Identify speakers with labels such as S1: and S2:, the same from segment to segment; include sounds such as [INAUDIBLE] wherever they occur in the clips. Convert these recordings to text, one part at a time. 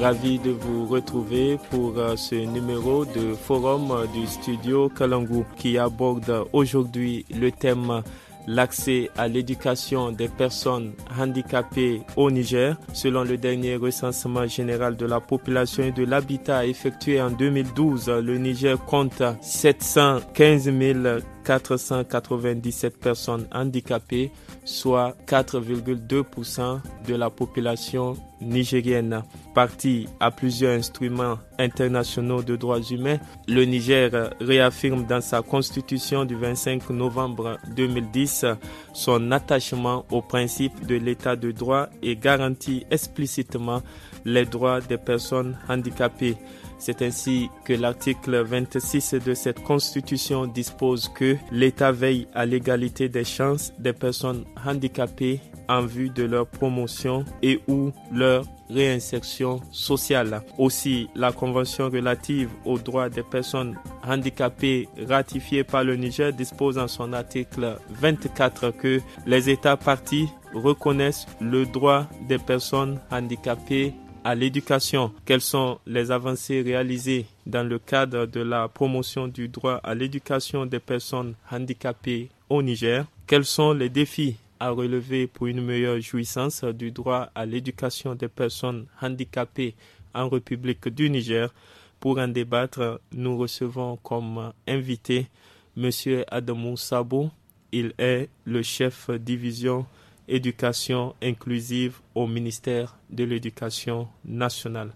S1: ravi de vous retrouver pour euh, ce numéro de forum euh, du studio Kalangou qui aborde aujourd'hui le thème l'accès à l'éducation des personnes handicapées au Niger. Selon le dernier recensement général de la population et de l'habitat effectué en 2012, le Niger compte 715 000 497 personnes handicapées, soit 4,2% de la population nigérienne. Parti à plusieurs instruments internationaux de droits humains, le Niger réaffirme dans sa constitution du 25 novembre 2010 son attachement au principe de l'état de droit et garantit explicitement les droits des personnes handicapées. C'est ainsi que l'article 26 de cette Constitution dispose que l'État veille à l'égalité des chances des personnes handicapées en vue de leur promotion et ou leur réinsertion sociale. Aussi, la Convention relative aux droits des personnes handicapées ratifiée par le Niger dispose en son article 24 que les États partis reconnaissent le droit des personnes handicapées à l'éducation, quelles sont les avancées réalisées dans le cadre de la promotion du droit à l'éducation des personnes handicapées au Niger, quels sont les défis à relever pour une meilleure jouissance du droit à l'éducation des personnes handicapées en République du Niger. Pour en débattre, nous recevons comme invité M. Adamou Sabo. Il est le chef division éducation inclusive au ministère de l'Éducation nationale.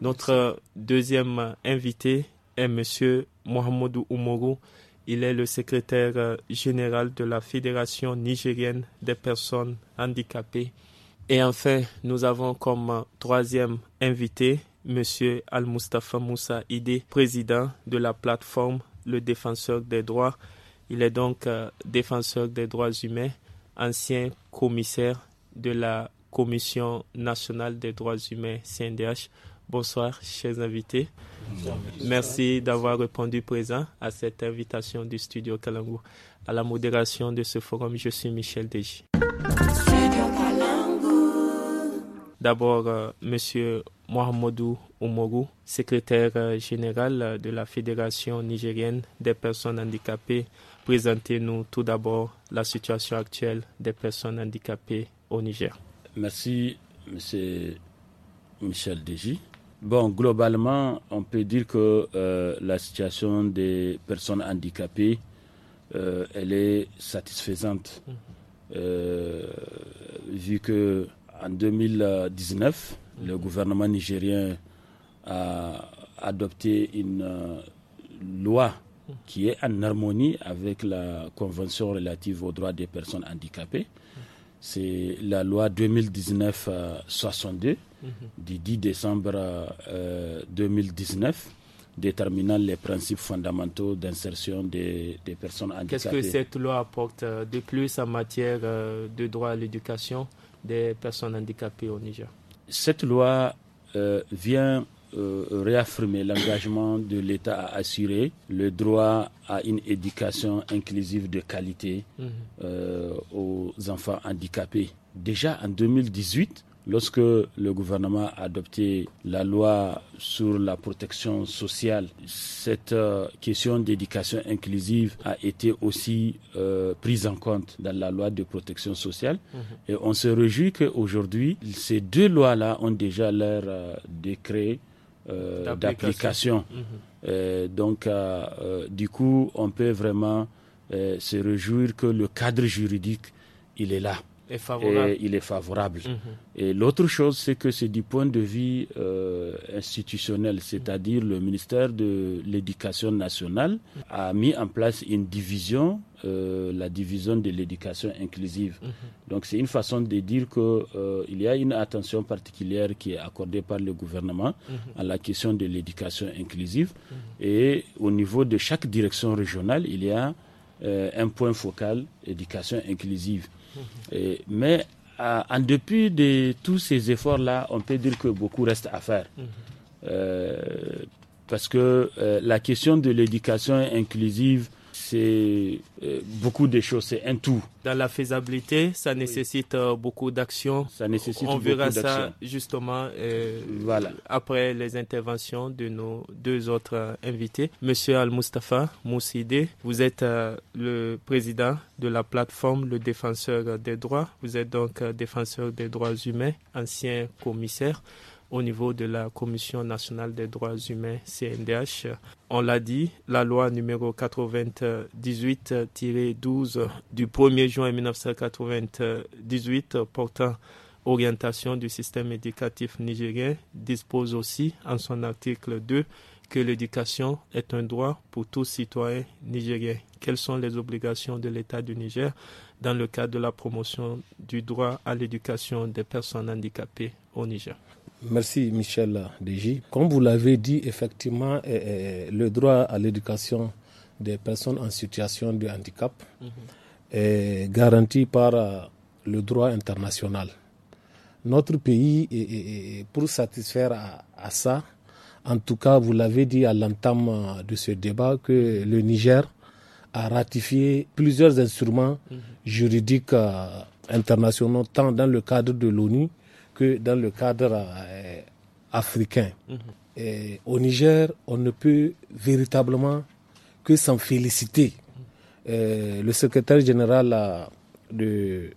S1: Notre deuxième invité est M. Mohamedou Oumourou. Il est le secrétaire général de la Fédération nigérienne des personnes handicapées. Et enfin, nous avons comme troisième invité M. Al-Mustafa Moussa Ide, président de la plateforme Le Défenseur des droits. Il est donc euh, défenseur des droits humains ancien commissaire de la Commission nationale des droits humains, CNDH. Bonsoir, chers invités. Merci d'avoir répondu présent à cette invitation du studio Kalangu. À la modération de ce forum, je suis Michel Deji. D'abord, M. Euh, Monsieur Mohamedou Oumourou, secrétaire euh, général euh, de la Fédération nigérienne des personnes handicapées présentez-nous tout d'abord la situation actuelle des personnes handicapées au Niger.
S2: Merci, M. Michel Deji. Bon, globalement, on peut dire que euh, la situation des personnes handicapées, euh, elle est satisfaisante, mm. euh, vu que en 2019, mm. le gouvernement nigérien a adopté une loi qui est en harmonie avec la Convention relative aux droits des personnes handicapées. C'est la loi 2019-62 euh, mhm. du 10 décembre 2019 euh, déterminant les principes fondamentaux d'insertion des, personnes handicapées. Qu'est-ce que
S1: cette loi apporte euh, de plus en matière de droit à l'éducation des personnes handicapées au Niger
S2: Cette loi vient euh, réaffirmer l'engagement de l'État à assurer le droit à une éducation inclusive de qualité mhm. euh, aux enfants handicapés. Déjà en 2018, lorsque le gouvernement a adopté la loi sur la protection sociale, cette euh, question d'éducation inclusive a été aussi prise en compte dans la loi de protection sociale. Mhm. Et on se réjouit qu'aujourd'hui, ces deux lois-là ont déjà leur décret euh, d'application. Mhm. Euh, donc, euh, du coup, on peut vraiment se réjouir que le cadre juridique, il est là. et il est favorable. Mhm. Et l'autre chose, c'est que c'est du point de vue institutionnel, c'est-à-dire le ministère de l'Éducation nationale a mis en place une division euh, la division de l'éducation inclusive. Mhm. Donc c'est une façon de dire qu'il euh, il y a une attention particulière qui est accordée par le gouvernement mhm. à la question de l'éducation inclusive. Mhm. Et au niveau de chaque direction régionale, il y a euh, un point focal, éducation inclusive. mais en dépit de tous ces efforts-là, on peut dire que beaucoup reste à faire parce que la question de l'éducation inclusive c'est euh, beaucoup de choses, c'est un tout. Dans la
S1: faisabilité, ça nécessite euh, beaucoup d'actions.
S2: Ça nécessite On verra ça
S1: justement euh, voilà. après les interventions de nos deux autres invités. Monsieur Al-Mustafa Mousside, vous êtes le président de la plateforme Le Défenseur des droits. Vous êtes donc défenseur des droits humains, ancien commissaire au niveau de la Commission nationale des droits humains, CNDH. On l'a dit, la loi numéro 98-12 du 1er juin 1998 portant orientation du système éducatif nigérien dispose aussi en son article 2 que l'éducation est un droit pour tout citoyen nigérien. Quelles sont les obligations de l'État du Niger dans le cadre de la promotion du droit à l'éducation des personnes handicapées au Niger
S3: Merci Michel Deji. Comme vous l'avez dit, effectivement, eh, eh, eh, le droit à l'éducation des personnes en situation de handicap mhm. est garanti par euh, le droit international. Notre pays, est, pour satisfaire à, ça, en tout cas, vous l'avez dit à l'entame euh, de ce débat, que le Niger a ratifié plusieurs instruments mhm. juridiques euh, internationaux, tant dans le cadre de l'ONU que dans le cadre euh, africain. Mhm. au Niger, on ne peut véritablement que s'en féliciter. Euh, le secrétaire général euh, de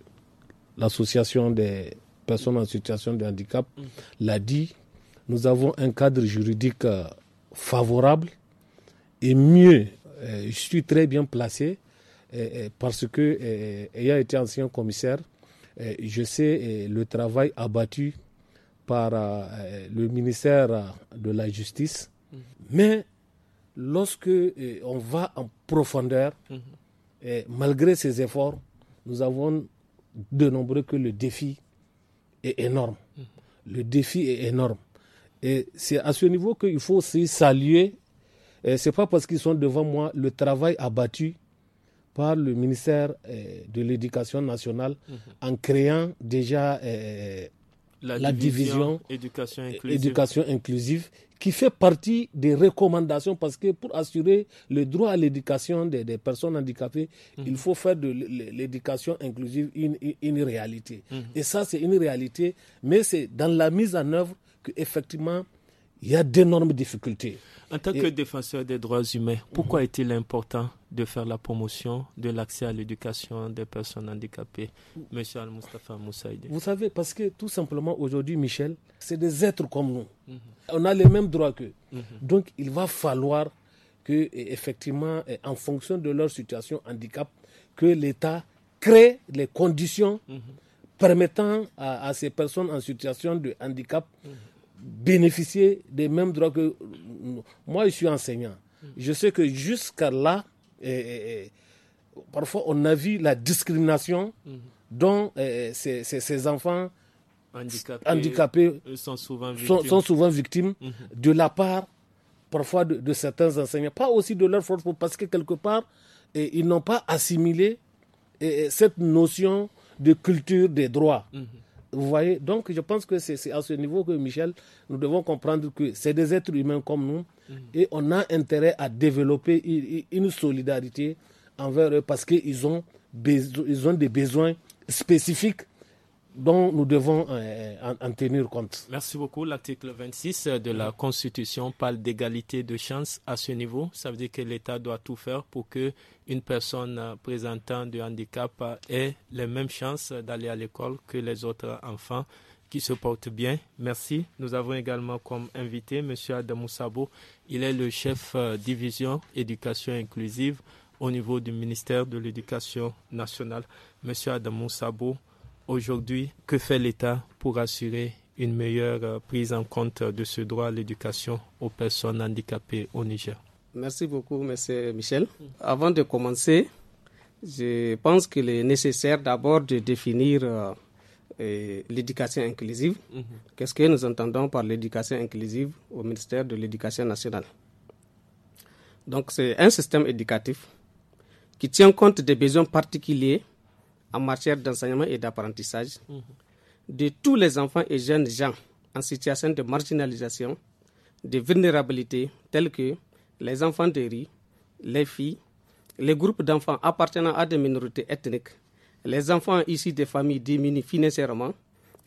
S3: l'association des personnes en situation de handicap mhm. l'a dit, nous avons un cadre juridique favorable et mieux. je suis très bien placé parce que, ayant été ancien commissaire, je sais le travail abattu par euh, le ministère de la Justice, mhm. mais lorsque euh, on va en profondeur, mhm. et malgré ces efforts, nous avons de nombreux que le défi est énorme. Mhm. Le défi est énorme. Et c'est à ce niveau qu'il faut aussi saluer, Ce c'est pas parce qu'ils sont devant moi, le travail abattu par le ministère euh, de l'Éducation nationale mhm. en créant déjà euh, la, division, euh, éducation, inclusive. qui fait partie des recommandations parce que pour assurer le droit à l'éducation des, personnes handicapées, mhm. il faut faire de l'éducation inclusive une, réalité. Mhm. Et ça, c'est une réalité, mais c'est dans la mise en œuvre que effectivement il y a d'énormes difficultés.
S1: En tant que défenseur des droits humains, pourquoi est-il important de faire la promotion de l'accès à l'éducation des personnes handicapées, Monsieur Al-Mustafa Moussaïde
S3: Vous savez, parce que tout simplement aujourd'hui, Michel, c'est des êtres comme nous. Mhm. On a les mêmes droits qu'eux. Mhm. Donc, il va falloir que, effectivement, en fonction de leur situation handicap, que l'État crée les conditions mhm. permettant à, ces personnes en situation de handicap bénéficier des mêmes droits que moi. Je suis enseignant. Mm. Je sais que jusqu'à là, eh, eh, eh, parfois on a vu la discrimination mm. dont ces, enfants
S1: handicapés, sont souvent victimes, mm-hmm.
S3: de la part parfois de, certains enseignants, pas aussi de leur force, parce que quelque part, ils n'ont pas assimilé cette notion de culture des droits. Mm-hmm. Vous voyez, donc je pense que c'est à ce niveau que Michel, nous devons comprendre que c'est des êtres humains comme nous et on a intérêt à développer une solidarité envers eux parce qu'ils ont, ils ont des besoins spécifiques dont nous devons euh, en, en, tenir compte.
S1: Merci beaucoup. L'article 26 euh, de la Constitution parle d'égalité de chance à ce niveau. Ça veut dire que l'État doit tout faire pour que une personne euh, présentant du handicap ait les mêmes chances d'aller à l'école que les autres enfants qui se portent bien. Merci. Nous avons également comme invité M. Adamou Sabo. Il est le chef division éducation inclusive au niveau du ministère de l'Éducation nationale. Monsieur Adamou Sabo, Aujourd'hui, que fait l'État pour assurer une meilleure euh, prise en compte de ce droit à l'éducation aux personnes handicapées au Niger
S4: Merci beaucoup, Monsieur Michel. Avant de commencer, je pense qu'il est nécessaire d'abord de définir euh, l'éducation inclusive. Mhm. Qu'est-ce que nous entendons par l'éducation inclusive au ministère de l'Éducation nationale Donc c'est un système éducatif qui tient compte des besoins particuliers en matière d'enseignement et d'apprentissage de tous les enfants et jeunes gens en situation de marginalisation, de vulnérabilité, tels que les enfants de riz, les filles, les groupes d'enfants appartenant à des minorités ethniques, les enfants issus des familles diminuées financièrement,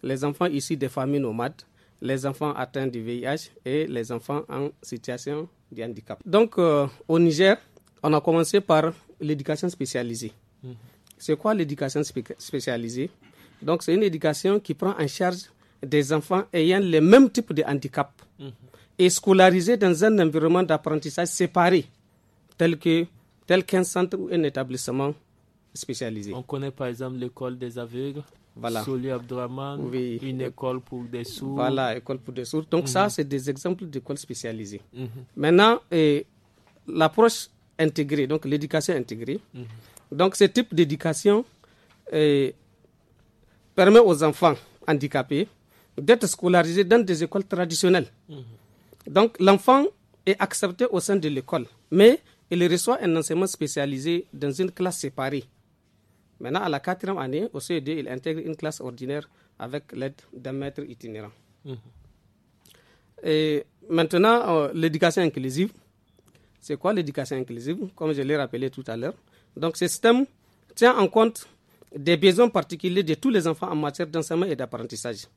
S4: les enfants issus des familles nomades, les enfants atteints du VIH et les enfants en situation de handicap. Donc, euh, au Niger, on a commencé par l'éducation spécialisée. Mhm. C'est quoi l'éducation spécialisée Donc, c'est une éducation qui prend en charge des enfants ayant le même type de handicap mhm. et scolarisé dans un environnement d'apprentissage séparé, tel qu'un centre ou un établissement spécialisé. On connaît
S1: par exemple l'école des aveugles. Voilà. Soli une école pour des sourds. Voilà, école pour des sourds. Donc ça, mhm. c'est des exemples d'écoles spécialisées. Mhm. Maintenant, euh,
S4: l'approche intégrée, donc l'éducation intégrée, donc ce type d'éducation euh, permet aux enfants handicapés d'être scolarisés dans des écoles traditionnelles. Mhm. Donc l'enfant est accepté au sein de l'école, mais il reçoit un enseignement spécialisé dans une classe séparée. Maintenant, à la quatrième année, au CED, il intègre une classe ordinaire avec l'aide d'un maître itinérant. Mhm. maintenant, euh, l'éducation inclusive. C'est quoi l'éducation inclusive Comme je l'ai rappelé tout à l'heure, donc ce système tient en compte des besoins particuliers de tous les enfants en matière d'enseignement et d'apprentissage.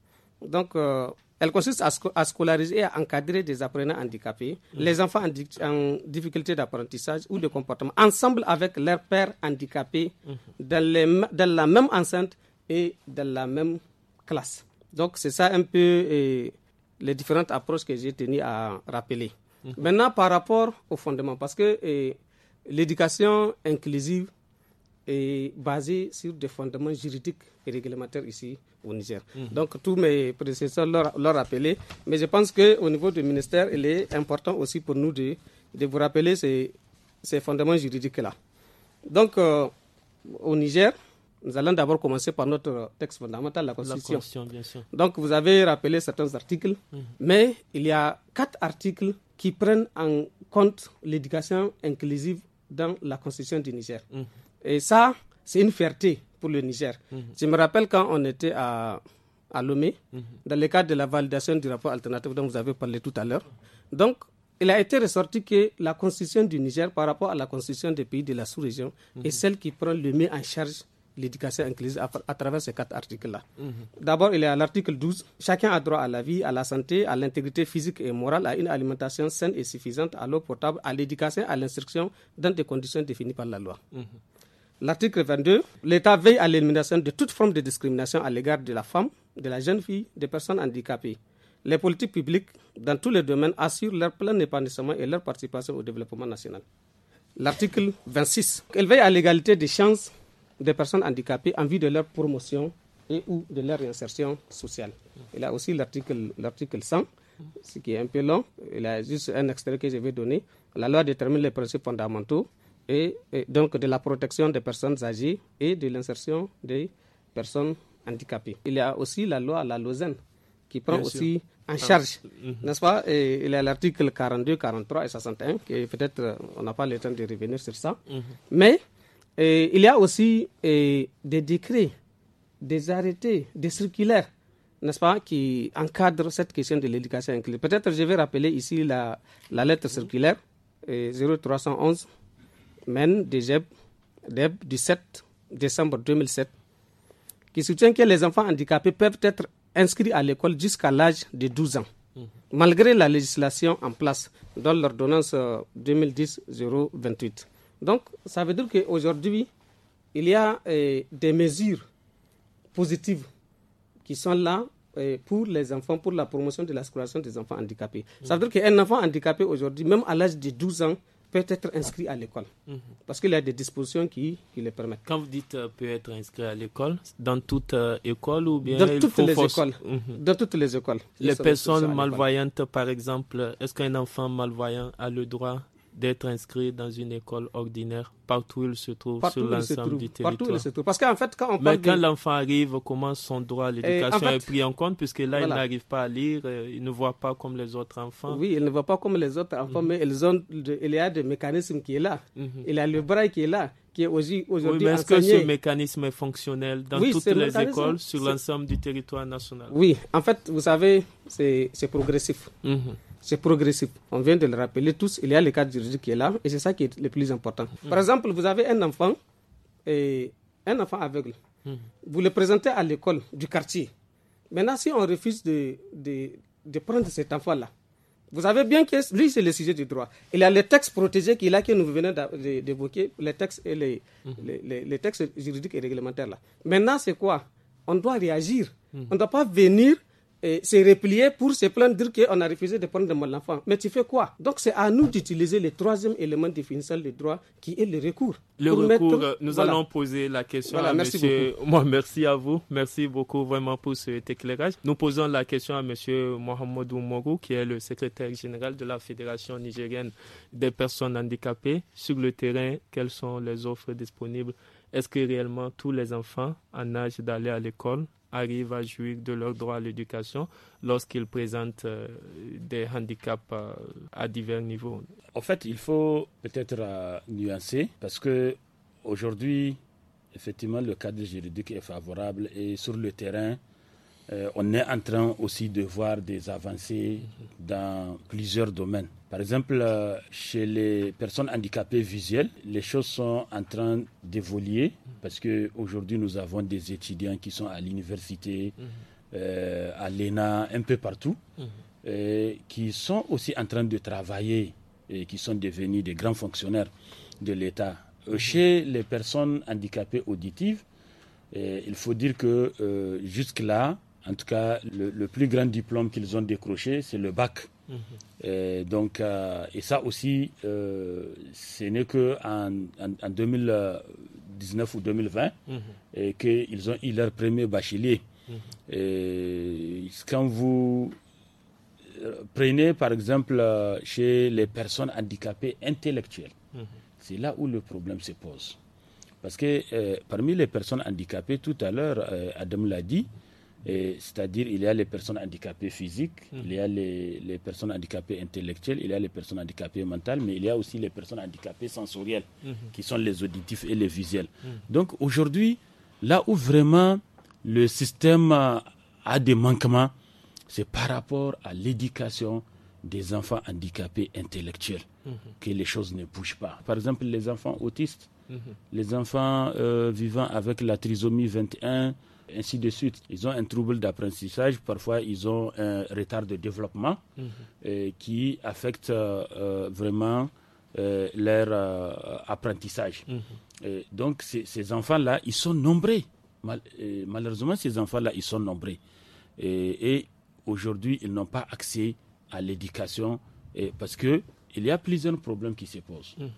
S4: Donc euh, elle consiste à, scolariser et à encadrer des apprenants handicapés, mmh. les enfants en, difficulté d'apprentissage ou de comportement, ensemble avec leurs pères handicapés, mmh. dans, la même enceinte et dans la même classe. Donc, c'est ça un peu euh, les différentes approches que j'ai tenu à rappeler. Mmh. Maintenant, par rapport au fondement, parce que euh, L'éducation inclusive est basée sur des fondements juridiques et réglementaires ici au Niger. Mhm. Donc tous mes prédécesseurs l'ont rappelé, mais je pense qu'au niveau du ministère, il est important aussi pour nous de, vous rappeler ces, ces fondements juridiques-là. Donc euh, au Niger, nous allons d'abord commencer par notre texte fondamental, la Constitution. bien sûr. Donc vous avez rappelé certains articles, mhm. mais il y a quatre articles qui prennent en compte l'éducation inclusive dans la constitution du Niger. Hum. Et ça, c'est une fierté pour le Niger. Hum. Je me rappelle quand on était à, à Lomé, hum. dans le cadre de la validation du rapport alternatif dont vous avez parlé tout à l'heure. Donc, il a été ressorti que la constitution du Niger par rapport à la constitution des pays de la sous-région est celle qui prend le mieux en charge l'éducation inclusive à, travers ces quatre articles-là. Mhm. D'abord, il est à l'article 12. Chacun a droit à la vie, à la santé, à l'intégrité physique et morale, à une alimentation saine et suffisante, à l'eau potable, à l'éducation, à l'instruction dans des conditions définies par la loi. Mhm. L'article 22, l'État veille à l'élimination de toute forme de discrimination à l'égard de la femme, de la jeune fille, des personnes handicapées. Les politiques publiques, dans tous les domaines, assurent leur plein épanouissement et leur participation au développement national. L'article 26, elle veille à l'égalité des chances des personnes handicapées en vue de leur promotion et ou de leur réinsertion sociale. Il y a aussi l'article 100, ce qui est un peu long. Il y a juste un extrait que je vais donner. La loi détermine les principes fondamentaux et, donc de la protection des personnes âgées et de l'insertion des personnes handicapées. Il y a aussi la loi, la Lausanne, qui prend aussi en ah. charge, mhm. n'est-ce pas et Il y a l'article 42, 43 et 61, qui peut-être on n'a pas le temps de revenir sur ça. Mhm. Mais il y a aussi des décrets, des arrêtés, des circulaires, n'est-ce pas, qui encadrent cette question de l'éducation inclusive. Peut-être je vais rappeler ici la, lettre circulaire 0311 MEN DEB du 7 décembre 2007 qui soutient que les enfants handicapés peuvent être inscrits à l'école jusqu'à l'âge de 12 ans, malgré la législation en place dans l'ordonnance 2010-028. Euh, donc, ça veut dire qu'aujourd'hui, il y a euh, des mesures positives qui sont là euh, pour les enfants, pour la promotion de la des enfants handicapés. Ça veut dire qu'un enfant handicapé aujourd'hui, même à l'âge de 12 ans, peut être inscrit à l'école. Mhm. Parce qu'il y a des dispositions qui, qui le permettent. Quand vous dites euh, peut être
S1: inscrit à l'école, dans toute école ou bien dans toutes les écoles. Mhm. Dans toutes les écoles. Les personnes malvoyantes, par exemple, est-ce qu'un enfant malvoyant a le droit d'être inscrit dans une école ordinaire partout où il se trouve sur l'ensemble du territoire. Partout où il se trouve. Parce qu'en fait, quand on Mais quand l'enfant arrive, comment son droit à l'éducation est pris en compte puisque là, il n'arrive pas à lire, euh, il ne voit pas comme les autres enfants. Oui,
S4: il ne voit pas comme les autres enfants, mhm. mais ils ont il y a des mécanismes qui est là. Mhm. Il y a le braille qui est là qui est aujourd'hui oui, mais est-ce que ce
S1: mécanisme est fonctionnel dans toutes les écoles sur l'ensemble du territoire national Oui,
S4: en fait, vous savez, c'est progressif. Mhm c'est progressif. On vient de le rappeler tous, il y a le cadre juridique qui est là et c'est ça qui est le plus important. Hmm. Par exemple, vous avez un enfant, et un enfant aveugle. Hmm. Vous le présentez à l'école du quartier. Maintenant, si on refuse de, de, de prendre cet enfant-là, vous savez bien que lui, c'est le sujet du droit. Il y a les textes protégés qu'il a que nous venons d'évoquer, les textes, et hmm. les, les, les, textes juridiques et réglementaires. là. Maintenant, c'est quoi On doit réagir. On ne doit pas venir c'est replié pour se plaindre, dire qu'on a refusé de prendre mon enfant. Mais tu fais quoi Donc c'est à nous d'utiliser le troisième élément définissant du droit qui est le recours. Le recours, euh, nous allons poser la question à merci monsieur...
S1: Moi, merci à vous. Merci beaucoup vraiment pour cet éclairage. Nous posons la question à monsieur Mohamed Oumourou, qui est le secrétaire général de la Fédération nigérienne des personnes handicapées. Sur le terrain, quelles sont les offres disponibles Est-ce que réellement tous les enfants en âge d'aller à l'école arrivent à jouir de leur droit à l'éducation lorsqu'ils présentent
S2: euh, des handicaps euh,
S1: à divers niveaux.
S2: En fait, il faut peut-être euh, nuancer parce que aujourd'hui, effectivement, le cadre juridique est favorable et sur le terrain, on est en train aussi de voir des avancées dans plusieurs domaines. Par exemple, euh, chez les personnes handicapées visuelles, les choses sont en train d'évoluer parce qu'aujourd'hui, nous avons des étudiants qui sont à l'université, mhm. euh, à l'ENA, un peu partout, mhm. qui sont aussi en train de travailler et qui sont devenus des grands fonctionnaires de l'État. Euh, mhm. Chez les personnes handicapées auditives, eh, il faut dire que jusque-là, en tout cas, le plus grand diplôme qu'ils ont décroché, c'est le bac. Et euh, donc, euh, et ça aussi, euh, ce n'est qu'en en, 2019 ou 2020 mhm. qu'ils ont eu leur premier bachelier. Mhm. quand vous prenez, par exemple, chez les personnes handicapées intellectuelles, mhm. c'est là où le problème se pose. Parce que parmi les personnes handicapées, tout à l'heure, Adam l'a dit, c'est-à-dire, il y a les personnes handicapées physiques, mm. il y a les, personnes handicapées intellectuelles, il y a les personnes handicapées mentales, mais il y a aussi les personnes handicapées sensorielles, mm-hmm. qui sont les auditifs et les visuels. Mm. Donc aujourd'hui, là où vraiment le système a des manquements, c'est par rapport à l'éducation des enfants handicapés intellectuels mm-hmm. que les choses ne bougent pas. Par exemple, les enfants autistes, mm-hmm. les enfants euh, vivant avec la trisomie 21, ainsi de suite. Ils ont un trouble d'apprentissage, parfois ils ont un retard de développement mhm. euh, qui affecte euh, euh, vraiment leur apprentissage. Mhm. donc ces enfants-là, ils sont nombreux. malheureusement, ces enfants-là, ils sont nombreux. Et, aujourd'hui, ils n'ont pas accès à l'éducation parce qu'il y a plusieurs problèmes qui se posent. Mhm.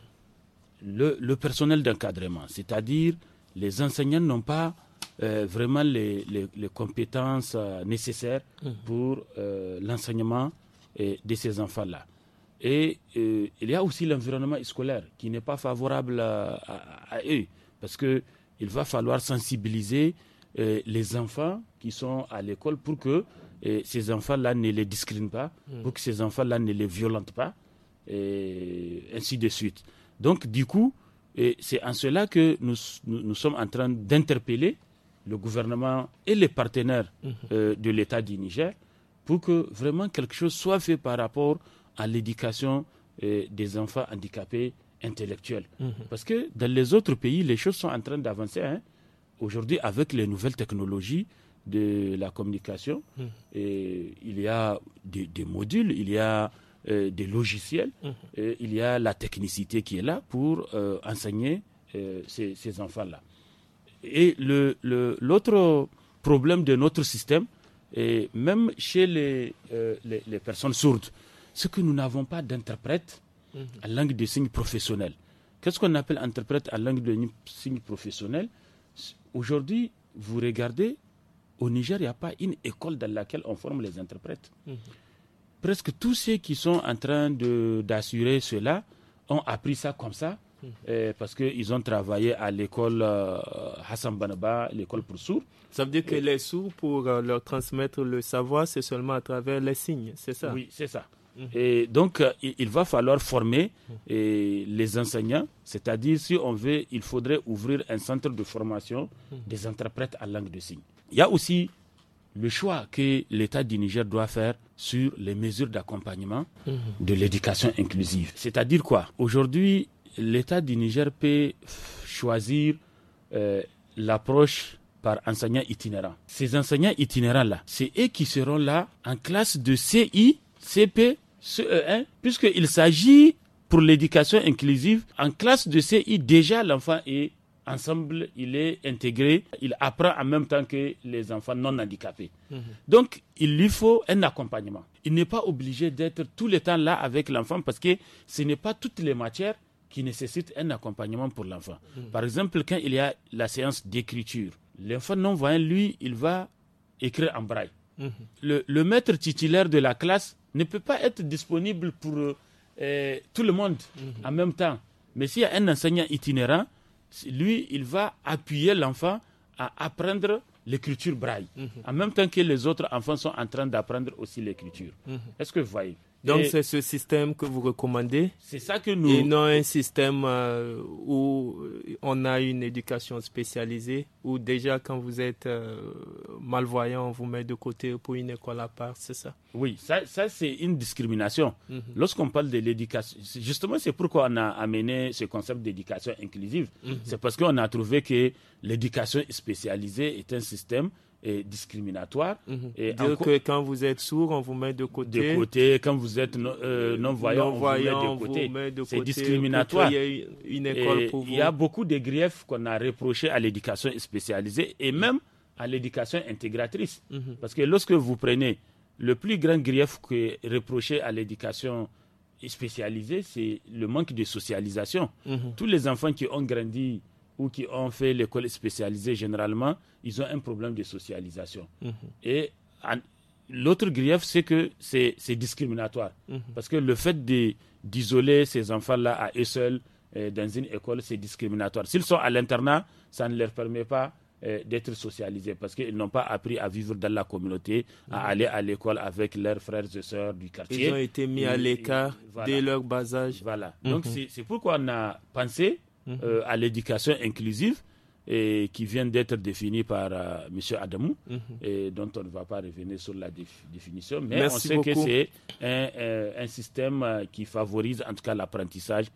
S2: le, personnel d'encadrement, c'est-à-dire les enseignants n'ont pas euh, vraiment les, compétences euh, nécessaires mmh. pour euh, l'enseignement de ces enfants-là. Et il y a aussi l'environnement scolaire qui n'est pas favorable à, eux, parce qu'il va falloir sensibiliser les enfants qui sont à l'école pour que ces enfants-là ne les discriminent pas, mmh. pour que ces enfants-là ne les violentent pas, et ainsi de suite. Donc, du coup, c'est en cela que nous sommes en train d'interpeller le gouvernement et les partenaires mhm. euh, de l'État du Niger pour que vraiment quelque chose soit fait par rapport à l'éducation euh, des enfants handicapés intellectuels. Mhm. Parce que dans les autres pays, les choses sont en train d'avancer. Hein. Aujourd'hui, avec les nouvelles technologies de la communication, mhm. euh, il y a des, modules, il y a des logiciels, il y a la technicité qui est là pour enseigner ces enfants-là. Et l'autre problème de notre système, et même chez les, euh, personnes sourdes, c'est que nous n'avons pas d'interprète mhm. à langue de signes professionnels. Qu'est-ce qu'on appelle interprète à langue de signes professionnels? Aujourd'hui, vous regardez, au Niger, il n'y a pas une école dans laquelle on forme les interprètes. Mhm. Presque tous ceux qui sont en train d'assurer cela ont appris ça comme ça eh, parce qu'ils ont travaillé à l'école euh, Hassan Banaba, l'école pour sourds. Ça veut dire que les sourds, pour euh, leur transmettre le savoir, c'est seulement à travers les signes, c'est ça Oui, c'est ça. Mhm. Et donc, euh, il va falloir former les enseignants, c'est-à-dire, si on veut, il faudrait ouvrir un centre de formation mhm. des interprètes à langue de signes. Il y a aussi le choix que l'État du Niger doit faire sur les mesures d'accompagnement mhm. de l'éducation inclusive. C'est-à-dire quoi Aujourd'hui, l'État du Niger peut choisir euh, l'approche par enseignants itinérants. Ces enseignants itinérants-là, c'est eux qui seront là en classe de CI, CP, CE1, puisqu'il s'agit pour l'éducation inclusive, en classe de CI, déjà l'enfant est ensemble, il est intégré, il apprend en même temps que les enfants non handicapés. Mhm. Donc, il lui faut un accompagnement. Il n'est pas obligé d'être tout le temps là avec l'enfant parce que ce n'est pas toutes les matières qui nécessite un accompagnement pour l'enfant. Par exemple, quand il y a la séance d'écriture, l'enfant non-voyant, lui, il va écrire en braille. Le, maître titulaire de la classe ne peut pas être disponible pour euh, euh, tout le monde en même temps. Mais s'il y a un enseignant itinérant, lui, il va appuyer l'enfant à apprendre l'écriture braille, en même temps que les autres enfants sont en train d'apprendre aussi l'écriture. Mhm. Est-ce que vous voyez donc c'est ce système que vous recommandez C'est ça que nous... Et non un
S1: système euh, où on a une éducation spécialisée, où déjà quand vous êtes euh, malvoyant, on vous met de côté pour une école à part, c'est ça
S2: Oui, ça, c'est une discrimination. Mhm. Lorsqu'on parle de l'éducation, justement c'est pourquoi on a amené ce concept d'éducation inclusive. Mhm. C'est parce qu'on a trouvé que l'éducation spécialisée est un système est discriminatoire. Mhm. Et Dire que
S1: quand vous êtes sourd, on vous met de côté. De
S2: côté, quand vous êtes euh, euh, non, voyant, on vous met de côté. C'est discriminatoire. Il y, a beaucoup de griefs qu'on a reprochés à l'éducation spécialisée et mhm. même à l'éducation intégratrice. Mhm. Parce que lorsque vous prenez le plus grand grief que reproché à l'éducation spécialisée, c'est le manque de socialisation. Tous les enfants qui ont grandi ou qui ont fait l'école spécialisée généralement, ils ont un problème de socialisation. Mhm. Et l'autre grief, c'est que c'est discriminatoire. Mhm. Parce que le fait d'isoler ces enfants-là à eux seuls euh, dans une école, c'est discriminatoire. S'ils sont à l'internat, ça ne leur permet pas euh, d'être socialisés parce qu'ils n'ont pas appris à vivre dans la communauté, à mhm. aller à l'école avec leurs frères et sœurs du quartier. Ils ont été mis à l'écart dès leur bas âge. Voilà. Donc c'est pourquoi on a pensé Mhm. Euh, à l'éducation inclusive et qui vient d'être définie par euh, Monsieur M. Adamou, mhm. et dont on ne va pas revenir sur la définition, mais on sait que c'est un, euh, un, système qui favorise en tout cas l'apprentissage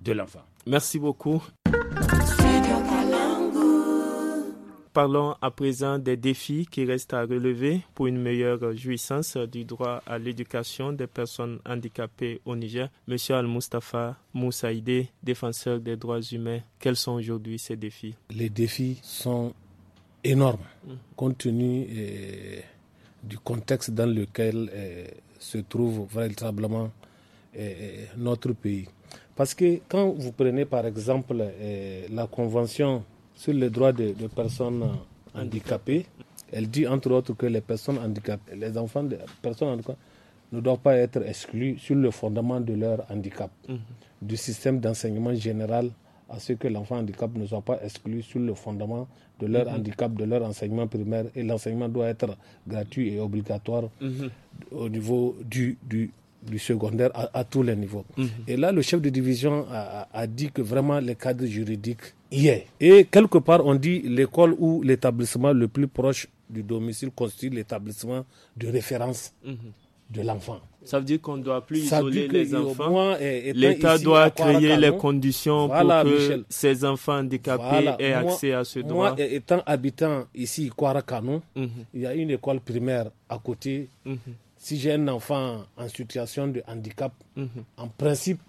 S2: de l'enfant. Merci beaucoup.
S1: Parlons à présent des défis qui restent à relever pour une meilleure jouissance du droit à l'éducation des personnes handicapées au Niger. Monsieur Al-Mustafa Moussaïde, défenseur des droits humains, quels sont aujourd'hui ces défis
S3: Les défis sont énormes mm. compte tenu eh, du contexte dans lequel eh, se trouve véritablement eh, notre pays. Parce que quand vous prenez par exemple la Convention sur les droits des, personnes euh, handicapées. Elle dit entre autres que les personnes handicapées, les enfants des personnes handicapées ne doivent pas être exclus sur le fondement de leur handicap, mhm. du système d'enseignement général à ce que l'enfant handicap ne soit pas exclu sur le fondement de leur mhm. handicap, de leur enseignement primaire. Et l'enseignement doit être gratuit et obligatoire mhm. au niveau du, du secondaire à, tous les niveaux. Mhm. Et là, le chef de division a, a, dit que vraiment le cadre juridique y est. Et quelque part, on dit l'école ou l'établissement le plus proche du domicile constitue l'établissement de référence. Mhm.
S1: de l'enfant. Ça veut dire qu'on ne doit plus isoler les enfants. Eh, L'État doit créer les conditions pour que ces enfants handicapés aient accès à ce droit. Moi, étant habitant
S3: ici, Kwarakano, mhm. il y a une école primaire à côté si j'ai un enfant en situation de handicap, mhm. en principe,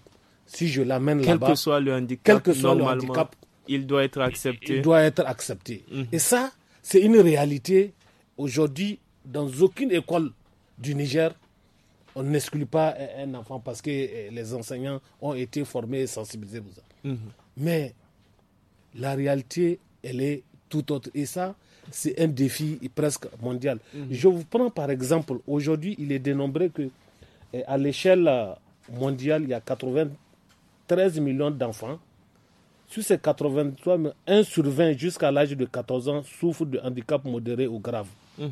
S3: si je l'amène là-bas, quel que soit le handicap,
S1: il doit être accepté. Il doit
S3: être accepté. Mhm. Et ça, c'est une réalité. Aujourd'hui, dans aucune école du Niger, on n'exclut pas un enfant parce que eh, les enseignants ont été formés et sensibilisés pour ça. Mhm. Mais la réalité, elle est tout autre. Et ça, c'est un défi presque mondial. Je vous prends par exemple, aujourd'hui, il est dénombré que eh, à l'échelle euh, mondiale, il y a 93 millions d'enfants. Sur ces 83, 1 sur 20 jusqu'à l'âge de 14 ans souffre de handicap modéré ou grave. Mhm.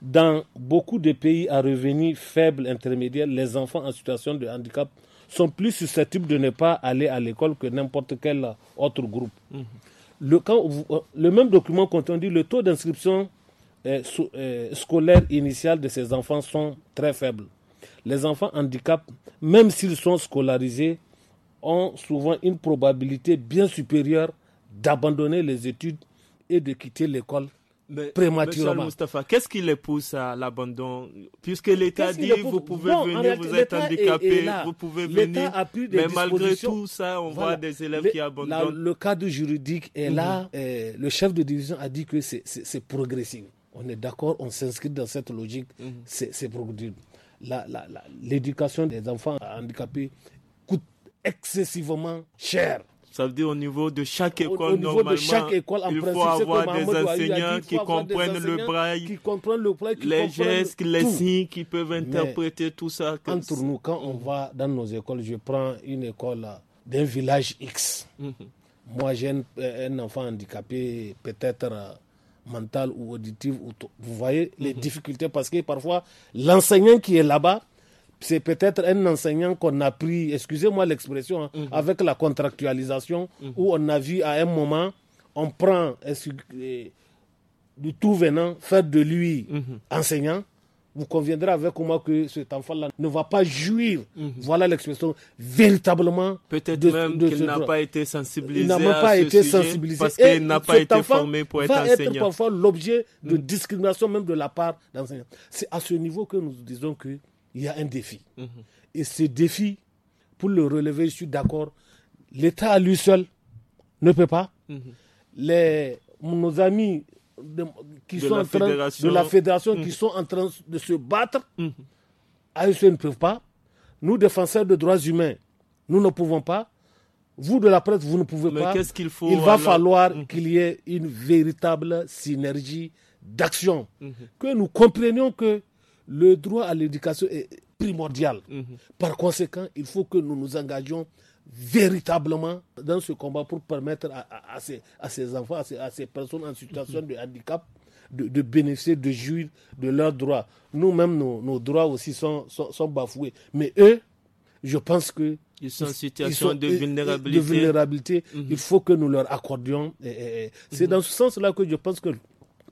S3: Dans beaucoup de pays à revenus faibles intermédiaires, les enfants en situation de handicap sont plus susceptibles de ne pas aller à l'école que n'importe quel autre groupe. Mhm. Euh, le, même document dit le taux d'inscription euh, euh, scolaire initial de ces enfants sont très faibles. Les enfants handicapés, même s'ils sont scolarisés, ont souvent une probabilité bien supérieure d'abandonner les études et de quitter l'école
S1: mais, prématurément. Mustafa, qu'est-ce qui les pousse à l'abandon Puisque l'État dit, vous pouvez venir, vous êtes handicapé, vous pouvez venir. A mais malgré tout ça, on voit des élèves qui abandonnent.
S3: le cadre juridique est là. Mhm. Euh, le chef de division a dit que c'est progressif. On est d'accord, on s'inscrit dans cette logique. Mhm. C'est progressif. L'éducation des enfants handicapés coûte excessivement
S1: cher ça veut dire au niveau de chaque école, normalement, chaque école, il faut avoir des enseignants qui comprennent le braille, qui les gestes, les signes,
S3: qui peuvent interpréter
S1: tout ça. Entre nous,
S3: quand on va dans nos écoles, je prends une école d'un village X. Mhm. Moi, j'ai euh, un, enfant handicapé, peut-être euh, mental ou auditif. vous voyez les mhm. difficultés parce que parfois, l'enseignant qui est là-bas c'est peut-être un enseignant qu'on a pris, excusez-moi l'expression, hein, mhm. avec la contractualisation, mhm. où on a vu à un moment, on prend euh, du tout venant, faire de lui mhm. enseignant. Vous conviendrez avec moi que cet enfant-là ne va pas jouir, voilà l'expression, véritablement.
S1: Peut-être même qu'il n'a pas été sensibilisé. Il n'a même pas été sensibilisé. Parce qu'il n'a pas été formé pour être va être parfois
S3: l'objet de discrimination même de la part d'enseignants. C'est à ce niveau que nous disons que il y a un défi. Mhm. Et ce défi, pour le relever, je suis d'accord, l'État à lui seul ne peut pas. Mhm. Les, nos amis de, qui sont de la fédération qui mhm. sont en train de se battre, à eux seuls ne peuvent pas. Nous, défenseurs de droits humains, nous ne pouvons pas. Vous de la presse, vous ne pouvez Mais pas. Qu'est-ce qu'il faut Il va falloir qu'il y ait une véritable synergie d'action. Que nous comprenions que le droit à l'éducation est primordial. Mhm. Par conséquent, il faut que nous nous engagions véritablement dans ce combat pour permettre à, ces, à ces, enfants, à ces, personnes en situation mhm. de handicap, de, bénéficier, de jouir de leurs droits. Nous-mêmes, nos, droits aussi sont, sont, bafoués. Mais eux, je pense que... Ils sont en situation de vulnérabilité. Mhm. Il faut que nous leur accordions. C'est dans ce sens-là que je pense que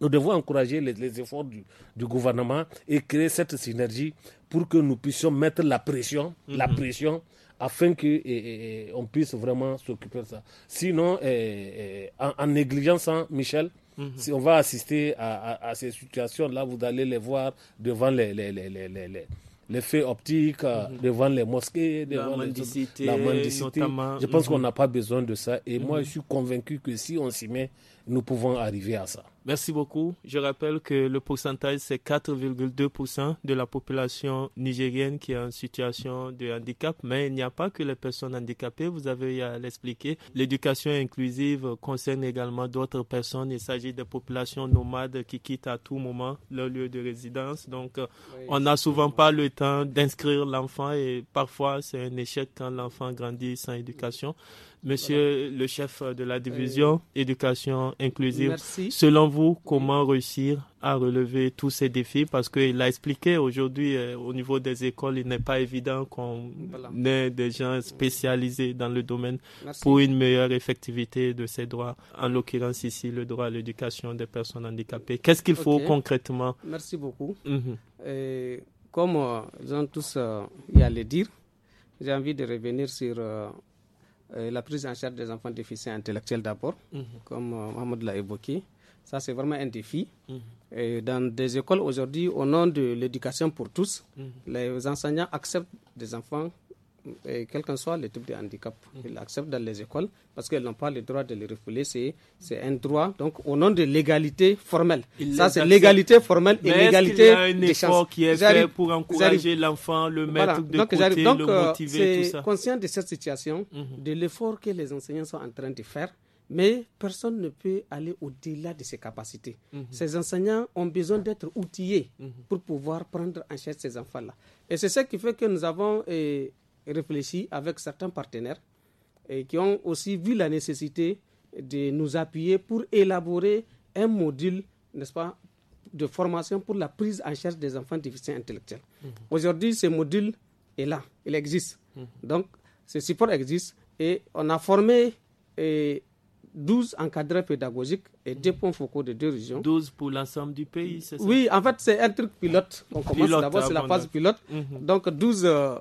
S3: nous devons encourager les, efforts du, gouvernement et créer cette synergie pour que nous puissions mettre la pression, la mhm. pression afin que on puisse vraiment s'occuper de ça. Sinon, en, négligeant ça, Michel, mhm. Si on va assister à, ces situations-là, vous allez les voir devant les, les, les, les, faits optiques, euh, mhm. devant les mosquées, devant la mendicité. Je pense qu'on n'a pas besoin de ça. Et moi, je suis convaincu que si on s'y met, nous pouvons arriver à ça.
S1: Merci beaucoup. Je rappelle que le pourcentage, c'est 4,2% de la population nigérienne qui est en situation de handicap, mais il n'y a pas que les personnes handicapées, vous avez à l'expliquer. L'éducation inclusive concerne également d'autres personnes. Il s'agit des populations nomades qui quittent à tout moment leur lieu de résidence. Donc, euh, on n'a souvent pas le temps d'inscrire l'enfant et parfois c'est un échec quand l'enfant grandit sans éducation. Monsieur le chef de la division éducation inclusive, Merci. selon vous comment réussir à relever tous ces défis parce qu'il a expliqué aujourd'hui euh, au niveau des écoles, il n'est pas évident qu'on ait des gens spécialisés dans le domaine pour une meilleure effectivité de ces droits, en l'occurrence ici le droit à l'éducation des personnes handicapées. Qu'est-ce qu'il faut concrètement
S4: Merci beaucoup. Mhm. comme euh, ils ont tous euh, y allé dire, j'ai envie de revenir sur la prise en charge des enfants déficients intellectuels d'abord, mhm. comme Mohamed l'a évoqué. Ça, c'est vraiment un défi. Mhm. Et dans des écoles aujourd'hui, au nom de l'éducation pour tous, mhm. les enseignants acceptent des enfants, quel qu'en soit le type de handicap. Mhm. Ils l'acceptent dans les écoles parce qu'ils n'ont pas le droit de les refouler. C'est un droit. Donc, au nom de l'égalité formelle. ça, c'est l'égalité formelle et l'égalité. Il y a un effort qui est fait pour encourager l'enfant, le mettre de côté, le euh, motiver, tout ça. conscient de cette situation, de l'effort que les enseignants sont en train de faire. Mais personne ne peut aller au-delà de ses capacités. Ces mhm. enseignants ont besoin d'être outillés mhm. pour pouvoir prendre en charge ces enfants-là. Et c'est ce qui fait que nous avons eh, réfléchi avec certains partenaires et eh, qui ont aussi vu la nécessité de nous appuyer pour élaborer un module, n'est-ce pas, de formation pour la prise en charge des enfants déficients intellectuels. Mhm. Aujourd'hui, ce module est là, il existe. Donc, ce support existe et on a formé eh, 12 encadrés pédagogiques et deux points focaux de deux régions.
S1: 12 pour l'ensemble du pays, c'est ça Oui, en
S4: fait, c'est un truc pilote. On commence d'abord, c'est la phase pilote. Mhm. Donc, 12 euh,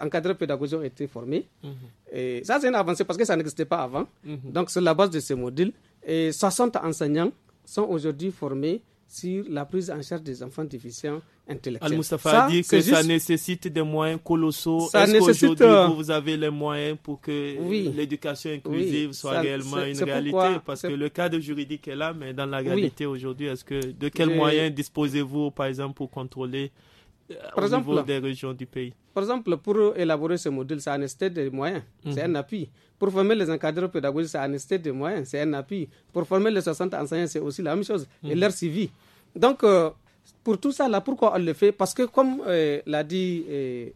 S4: encadrés pédagogiques ont été formés. Mhm. Et ça, c'est une avancée parce que ça n'existait pas avant. Mhm. Donc, c'est la base de ce module, et 60 enseignants sont aujourd'hui formés sur la prise en charge des enfants déficients intellectuelle. Al-Mustafa a dit que ça
S1: nécessite des moyens colossaux. Est-ce qu'aujourd'hui, vous, avez les moyens pour que l'éducation inclusive soit réellement une réalité Parce que le cadre juridique est là, mais dans la réalité aujourd'hui, est-ce que de quels moyens disposez-vous, par exemple, pour contrôler euh, par au exemple, niveau des
S4: régions du pays. Par exemple, pour élaborer ce modèle, ça nécessite mhm. des moyens, c'est un appui. Pour former les encadreurs pédagogiques, ça nécessite des moyens, c'est un appui. Pour former les 60 enseignants, c'est aussi la même chose, et mhm. leur suivi. Donc, euh, pour tout ça, là, pourquoi on le fait Parce que, comme euh, l'a dit M.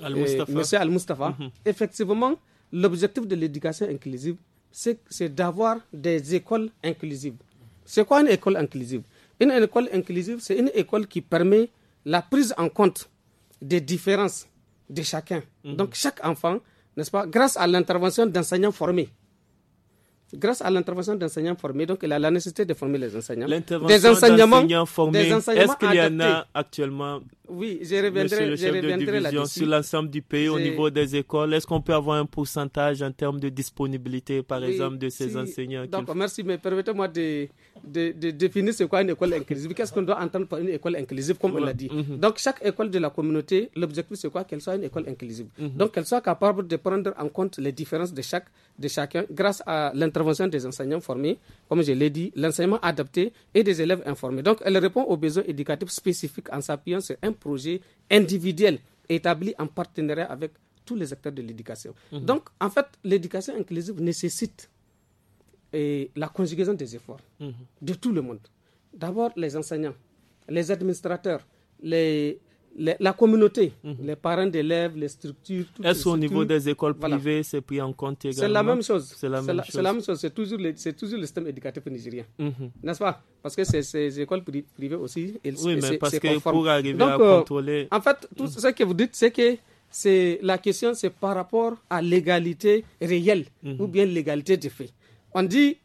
S4: Euh, Al-Mustafa, euh, mhm. effectivement, l'objectif de l'éducation inclusive, c'est d'avoir des écoles inclusives. C'est quoi une école inclusive Une école inclusive, c'est une école qui permet la prise en compte des différences de chacun. Mhm. Donc, chaque enfant, n'est-ce pas, grâce à l'intervention d'enseignants formés, grâce à l'intervention d'enseignants formés. Donc, il a la nécessité de former les enseignants. Des enseignements, formés. Est-ce qu'il y en a
S1: actuellement Oui, je reviendrai, le chef de division, sur l'ensemble du pays au niveau des écoles. Est-ce qu'on peut avoir un pourcentage en termes de disponibilité, par exemple, de ces enseignants Donc,
S4: merci. Mais permettez-moi de, de, définir ce qu'est une école inclusive. Qu'est-ce qu'on doit entendre par une école inclusive, comme on l'a dit mhm. Donc, chaque école de la communauté, l'objectif, c'est quoi Qu'elle soit une école inclusive. Mhm. Donc, qu'elle soit capable de prendre en compte les différences de, chaque, de chacun grâce à l'intervention des enseignants formés, comme je l'ai dit, l'enseignement adapté et des élèves informés. Donc, elle répond aux besoins éducatifs spécifiques en s'appuyant sur un projet individuel établi en partenariat avec tous les acteurs de l'éducation. Mhm. Donc, en fait, l'éducation inclusive nécessite et la conjugaison des efforts mhm. de tout le monde. D'abord, les enseignants, les administrateurs, les la communauté, mhm. les parents d'élèves, les structures. Est-ce qu'au niveau des écoles privées, c'est pris en compte également C'est la même chose. C'est la, même chose. C'est toujours, le système éducatif nigérien. Mhm. N'est-ce pas Parce que ces, ces écoles privées aussi. Elles, oui, mais parce que pour arriver à euh, contrôler. En fait, tout ce que vous dites, c'est que c'est la question, c'est par rapport à l'égalité réelle mhm. ou bien l'égalité des faits. On dit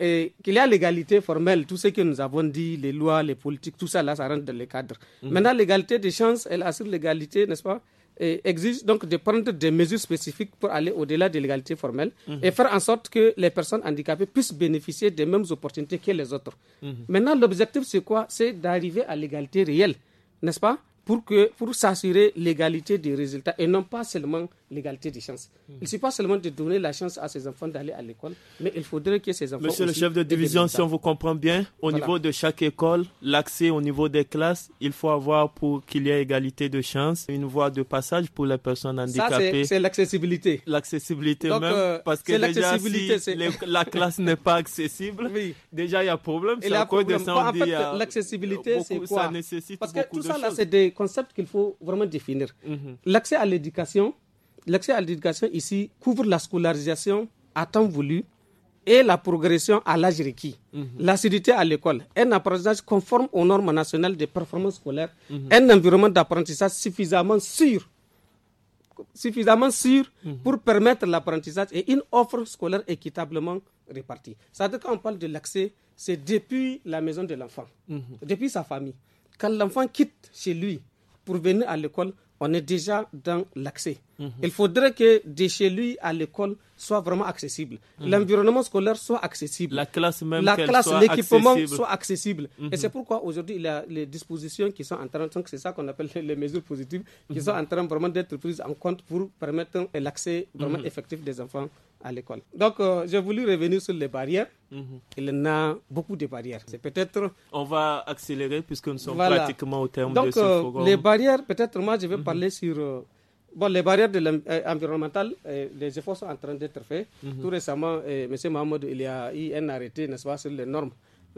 S4: et qu'il y a l'égalité formelle, tout ce que nous avons dit, les lois, les politiques, tout ça là, ça rentre dans le cadre. Mhm. Maintenant, l'égalité des chances, elle assure l'égalité, n'est-ce pas et exige donc de prendre des mesures spécifiques pour aller au-delà de l'égalité formelle mhm. et faire en sorte que les personnes handicapées puissent bénéficier des mêmes opportunités que les autres. Mhm. Maintenant, l'objectif, c'est quoi C'est d'arriver à l'égalité réelle, n'est-ce pas Pour, pour s'assurer l'égalité des résultats et non pas seulement l'égalité des chances. Hmm. Il ne suffit pas seulement de donner la chance à ses enfants d'aller à l'école, mais il faudrait que ces enfants. Monsieur le chef de division, si on vous comprend
S1: bien, au niveau de chaque école, l'accès au niveau des classes, il faut avoir pour qu'il y ait égalité de chances, une voie de passage pour les personnes handicapées. C'est l'accessibilité. L'accessibilité même, euh, parce que déjà, si la classe n'est pas accessible, déjà il y a problème. C'est à de ça,
S4: L'accessibilité, c'est quoi parce que tout ça, c'est des concepts qu'il faut vraiment définir. Mhm. L'accès à l'éducation, l'accès à l'éducation ici couvre la scolarisation à temps voulu et la progression à l'âge requis. Mhm. L'acidité à l'école, un apprentissage conforme aux normes nationales de performance scolaire, mhm. un environnement d'apprentissage suffisamment sûr suffisamment sûr mhm. pour permettre l'apprentissage et une offre scolaire équitablement répartie. C'est-à-dire qu'on parle de l'accès, c'est depuis la maison de l'enfant, depuis sa famille. Quand l'enfant quitte chez lui pour venir à l'école, on est déjà dans l'accès. Mhm. Il faudrait que de chez lui à l'école soit vraiment accessible, mhm. l'environnement scolaire soit accessible, la classe même, la classe, l'équipement soit accessible. Et mhm. c'est pourquoi aujourd'hui il les dispositions qui sont en train, c'est ça qu'on appelle [LAUGHS] les mesures positives, qui sont en train vraiment d'être prises en compte pour permettre l'accès vraiment effectif des enfants à l'école. Donc, euh, j'ai voulu revenir sur les barrières. Mhm. Il y en a beaucoup de barrières. C'est peut-être.
S1: On va accélérer puisque nous sommes pratiquement au terme de ce programme. Euh, Donc, les barrières,
S4: peut-être moi, je vais mhm. parler sur. Euh, bon, les barrières environnementales, les efforts sont en train d'être faits. Mhm. Tout récemment, M. Mahmoud, il y a eu un arrêté, n'est-ce pas, sur les normes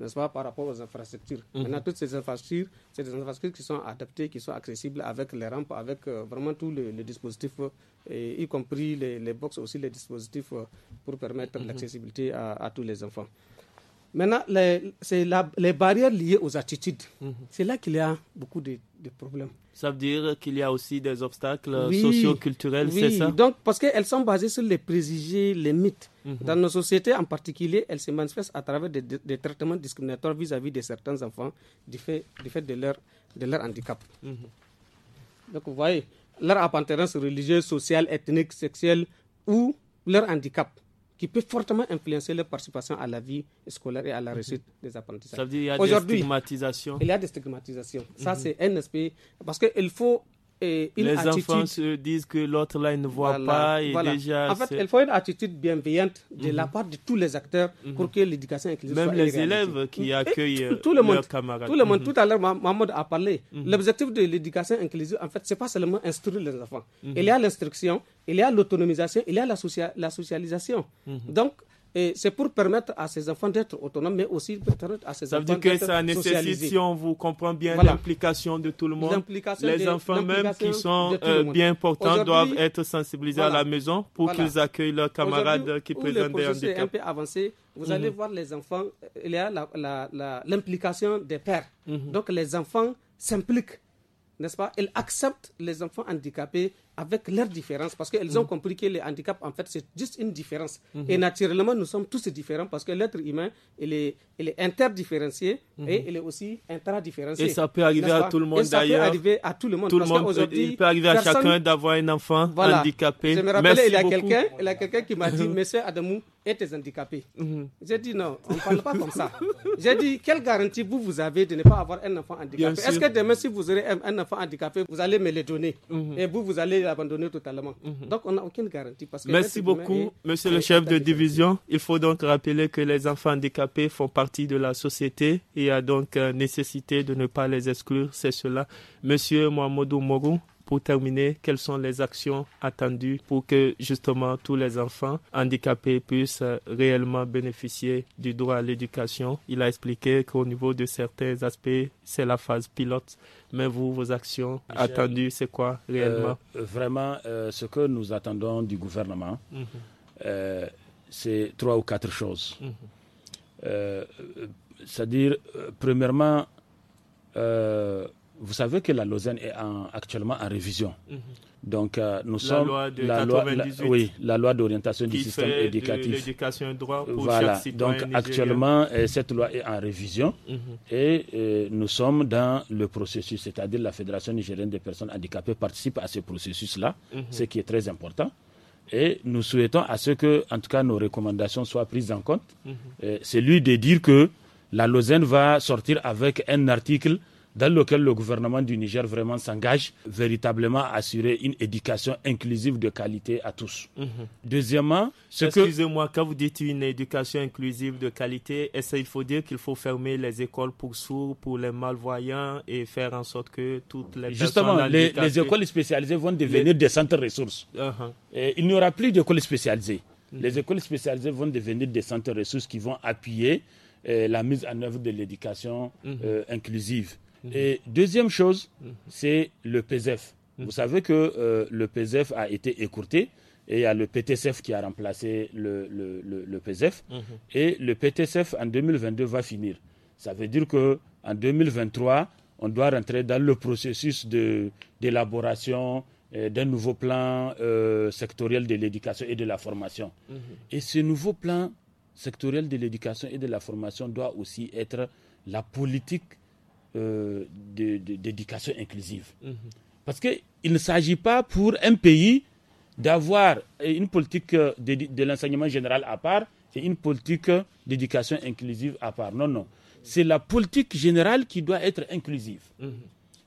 S4: ce pas, par rapport aux infrastructures. on mhm. Maintenant, toutes ces infrastructures, c'est des infrastructures qui sont adaptées, qui sont accessibles avec les rampes, avec euh, vraiment tous les, dispositifs, euh, y compris les, box aussi, les dispositifs euh, pour permettre mhm. l'accessibilité à tous les enfants. Maintenant, c'est les barrières liées aux attitudes. Mhm. C'est là qu'il y a beaucoup de, problèmes.
S1: Ça veut dire qu'il y a aussi des obstacles culturels c'est ça
S4: donc parce qu'elles sont basées sur les préjugés, les mythes. Mhm. Dans nos sociétés en particulier, elles se manifestent à travers des, traitements discriminatoires vis-à-vis de certains enfants du fait, du fait de, leur, de leur handicap. Mhm. Donc vous voyez, leur appartenance religieuse, sociale, ethnique, sexuelle ou leur handicap qui peut fortement influencer leur participation à la vie scolaire et à la mhm. réussite des apprentissages. Ça veut y a des stigmatisations. Il y a des stigmatisations. Ça, mhm. c'est un aspect. Parce qu'il faut les enfants
S1: se disent que l'autre là, ne voit pas. Et déjà, en fait, il faut
S4: une attitude bienveillante de la mhm. part de tous les acteurs mhm. pour que l'éducation inclusive Même les élèves qui accueillent tout, le monde, leurs camarades. Tout le monde, mhm. tout à l'heure, Mahmoud a parlé. L'objectif de l'éducation inclusive, en fait, c'est pas seulement instruire les enfants. Il y a l'instruction, il y a l'autonomisation, il y a la, la socialisation. Donc, et c'est pour permettre à ces enfants d'être autonomes, mais aussi permettre à ces enfants d'être Ça veut dire que ça nécessite, si
S1: on vous comprend bien, l'implication de tout le monde. Les enfants même qui sont euh, bien portants doivent être sensibilisés à la maison pour qu'ils accueillent leurs camarades qui présentent des handicaps. un peu
S4: avancé, vous allez mhm. voir les enfants, il y a l'implication des pères. Mhm. Donc les enfants s'impliquent, n'est-ce pas Ils acceptent les enfants handicapés avec leurs différences, parce qu'elles ont mhm. compris que les handicaps, en fait, c'est juste une différence. Mhm. Et naturellement, nous sommes tous différents, parce que l'être humain, il est, il est interdifférencié mhm. et il est aussi intradifférencié. Et ça peut arriver à tout le monde, d'ailleurs. Ça peut arriver à tout le monde. Tout le monde il peut arriver à chacun d'avoir
S1: un enfant handicapé. Je me rappelle, il y
S4: a quelqu'un qui m'a dit, [LAUGHS] Monsieur Adamou, êtes handicapé. J'ai dit non, on ne parle pas comme ça. J'ai dit, quelle garantie vous, vous avez de ne pas avoir un enfant handicapé Est-ce que demain, si vous aurez un enfant handicapé, vous allez me le donner Et vous, vous allez abandonner totalement. Mhm. Donc, on n'a aucune garantie. Merci beaucoup, monsieur le chef de
S1: division. Il faut donc rappeler que les enfants handicapés font partie de la société. Il y a donc euh, nécessité de ne pas les exclure. C'est cela. Monsieur Mohamedou Mogou, pour terminer, quelles sont les actions attendues pour que justement tous les enfants handicapés puissent euh, réellement bénéficier du droit à l'éducation Il a expliqué qu'au niveau de certains aspects, c'est la phase pilote. Mais vous, vos actions attendues, c'est quoi réellement
S2: euh, Vraiment, euh, ce que nous attendons du gouvernement, mhm. c'est trois ou quatre choses. Mhm. C'est-à-dire, premièrement, vous savez que la Lausanne est actuellement en révision. Mhm. Donc, euh, nous la sommes loi de la 98, loi, oui, la loi d'orientation du système fait éducatif. L'éducation droit pour voilà. Chaque citoyen Donc, actuellement, euh, cette loi est en révision mhm. et euh, nous sommes dans le processus, c'est-à-dire la Fédération nigérienne des personnes handicapées participe à ce processus-là, mhm. ce qui est très important. Et nous souhaitons à ce que, en tout cas, nos recommandations soient prises en compte. C'est lui de dire que la Lausanne va sortir avec un article dans lequel le gouvernement du Niger vraiment s'engage véritablement à assurer une éducation inclusive de qualité à tous. Mhm. Deuxièmement, Excusez que... Excusez-moi,
S1: quand vous dites une éducation inclusive de qualité, est-ce qu'il faut dire qu'il faut fermer les écoles pour sourds, pour les malvoyants et faire en sorte que toutes les Justement, personnes les, les, écoles spécialisées vont devenir des centres ressources. Uh-huh.
S2: il n'y aura plus d'écoles spécialisées. Mhm. Les écoles spécialisées vont devenir des centres ressources qui vont appuyer euh, la mise en œuvre de l'éducation mhm. euh, inclusive. Et mhm. deuxième chose, mhm. c'est le PSF. Mhm. Vous savez que euh, le PSF a été écourté et il y a le PTCF qui a remplacé le, le, le, PSF. Et le PTCF en 2022 va finir. Ça veut dire que en 2023, on doit rentrer dans le processus d'élaboration euh, d'un nouveau plan euh, sectoriel de l'éducation et de la formation. Et ce nouveau plan sectoriel de l'éducation et de la formation doit aussi être la politique euh, d'éducation inclusive. Mhm. parce Parce qu'il ne s'agit pas pour un pays d'avoir une politique euh, de, l'enseignement général à part c'est une politique d'éducation inclusive à part. Non, non. C'est la politique générale qui doit être inclusive. Mhm.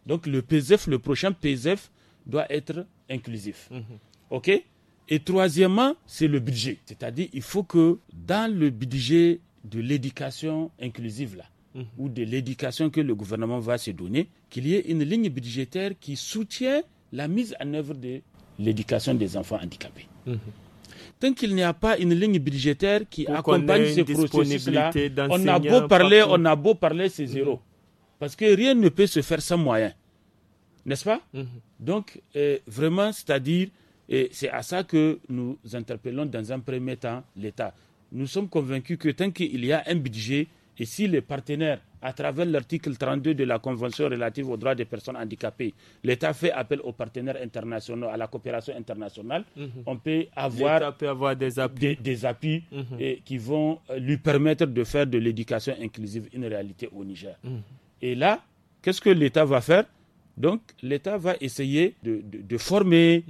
S2: Donc le PSF, le prochain PSF doit être inclusif. Mhm. OK Et troisièmement, c'est le budget. C'est-à-dire, il faut que dans le budget de l'éducation inclusive, là, ou de l'éducation que le gouvernement va se donner, qu'il y ait une ligne budgétaire qui soutient la mise en œuvre de l'éducation des enfants handicapés. Mhm. Tant qu'il n'y a pas une ligne budgétaire qui accompagne ce processus-là, on a beau parler, on a beau parler, c'est mhm. zéro. Parce que rien ne peut se faire sans moyens. N'est-ce pas mhm. Donc, euh, vraiment, c'est-à-dire, et euh, c'est à ça que nous interpellons dans un premier temps l'État. Nous sommes convaincus que tant qu'il y a un budget, et si les partenaires, à travers l'article 32 de la Convention relative aux droits des personnes handicapées, l'État fait appel aux partenaires internationaux, à la coopération internationale, mhm. on peut avoir, des appuis, des, mhm. qui vont euh, lui permettre de faire de l'éducation inclusive une réalité au Niger. Mhm. Et là, qu'est-ce que l'État va faire Donc, l'État va essayer de former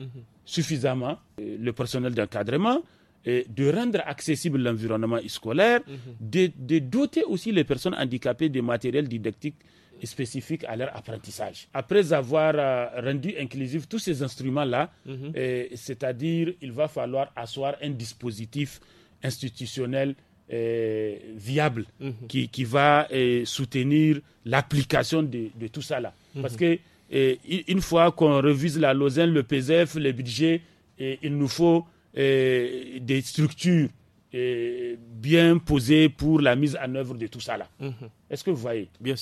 S2: suffisamment euh, le personnel d'encadrement, de rendre accessible l'environnement scolaire, mhm. de, de, doter aussi les personnes handicapées de matériel didactique spécifique à leur apprentissage. Après avoir euh, rendu inclusifs tous ces instruments-là, mhm. c'est-à-dire il va falloir asseoir un dispositif institutionnel euh, viable mhm. qui, va euh, soutenir l'application de, tout ça là. Parce que une fois qu'on revise la Lausanne, le PSF, e le budget, il nous faut des structures bien posées pour la mise en œuvre de tout ça là. Mhm. Est-ce que vous voyez Bien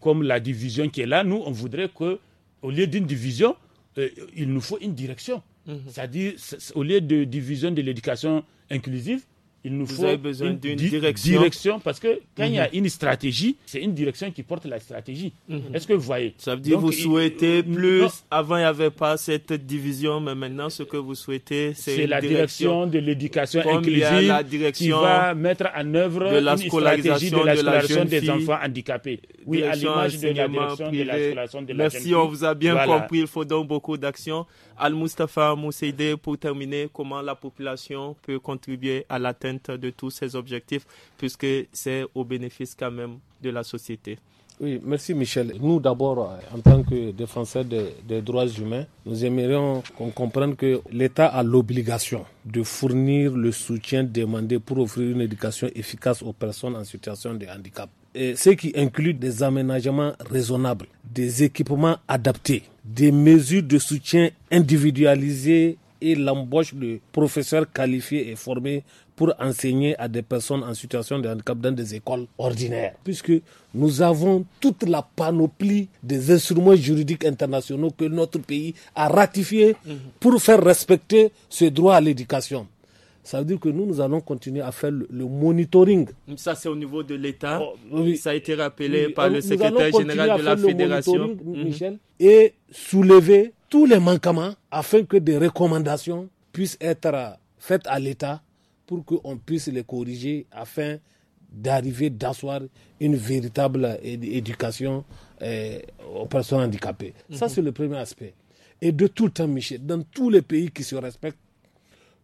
S2: comme la division qui est là, nous, on voudrait que, au lieu d'une division, euh, il nous faut une direction. Mhm. C'est-à-dire, au lieu de division de l'éducation inclusive, il nous faut une direction. parce que quand il y a mhm. une stratégie, c'est une direction qui porte la stratégie. Mhm. Est-ce que vous voyez Ça veut dire que vous souhaitez euh, plus.
S1: Avant, il n'y avait pas cette division, mais maintenant, ce que vous souhaitez, c'est la direction, de l'éducation inclusive la direction qui va
S2: mettre en œuvre la une stratégie de la des enfants handicapés. Oui, à l'image de la direction de la scolarisation de la Merci, on vous a bien compris.
S1: Il faut donc beaucoup d'actions. Al-Mustafa Mousseide, pour terminer, comment la population peut contribuer à l'atteinte de tous ces objectifs, puisque c'est au bénéfice quand même de la société.
S3: Oui, merci Michel. Nous d'abord, euh, en tant que défenseurs des, des droits humains, nous aimerions qu'on comprenne que l'État a l'obligation de fournir le soutien demandé pour offrir une éducation efficace aux personnes en situation de handicap ce qui inclut des aménagements raisonnables, des équipements adaptés, des mesures de soutien individualisées et l'embauche de professeurs qualifiés et formés pour enseigner à des personnes en situation de handicap dans des écoles ordinaires. Puisque nous avons toute la panoplie des instruments juridiques internationaux que notre pays a ratifiés mhm. pour faire respecter ce droit à l'éducation. Ça veut dire que nous, nous allons continuer à faire le, monitoring.
S1: Ça, c'est au niveau de l'État. Oh, Ça a été rappelé par le secrétaire général de la Fédération. Mhm. Michel,
S3: et soulever tous les manquements afin que des recommandations puissent être faites à l'État pour qu'on puisse les corriger afin d'arriver d'asseoir une véritable éducation euh, aux personnes handicapées. Ça, mhm. c'est le premier aspect. Et de tout le temps, Michel, dans tous les pays qui se respectent,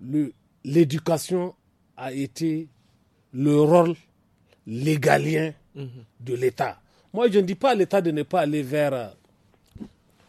S3: le, l'éducation a été le rôle légalien mhm. de l'État. Moi, je ne dis pas à l'État de ne pas aller vers euh,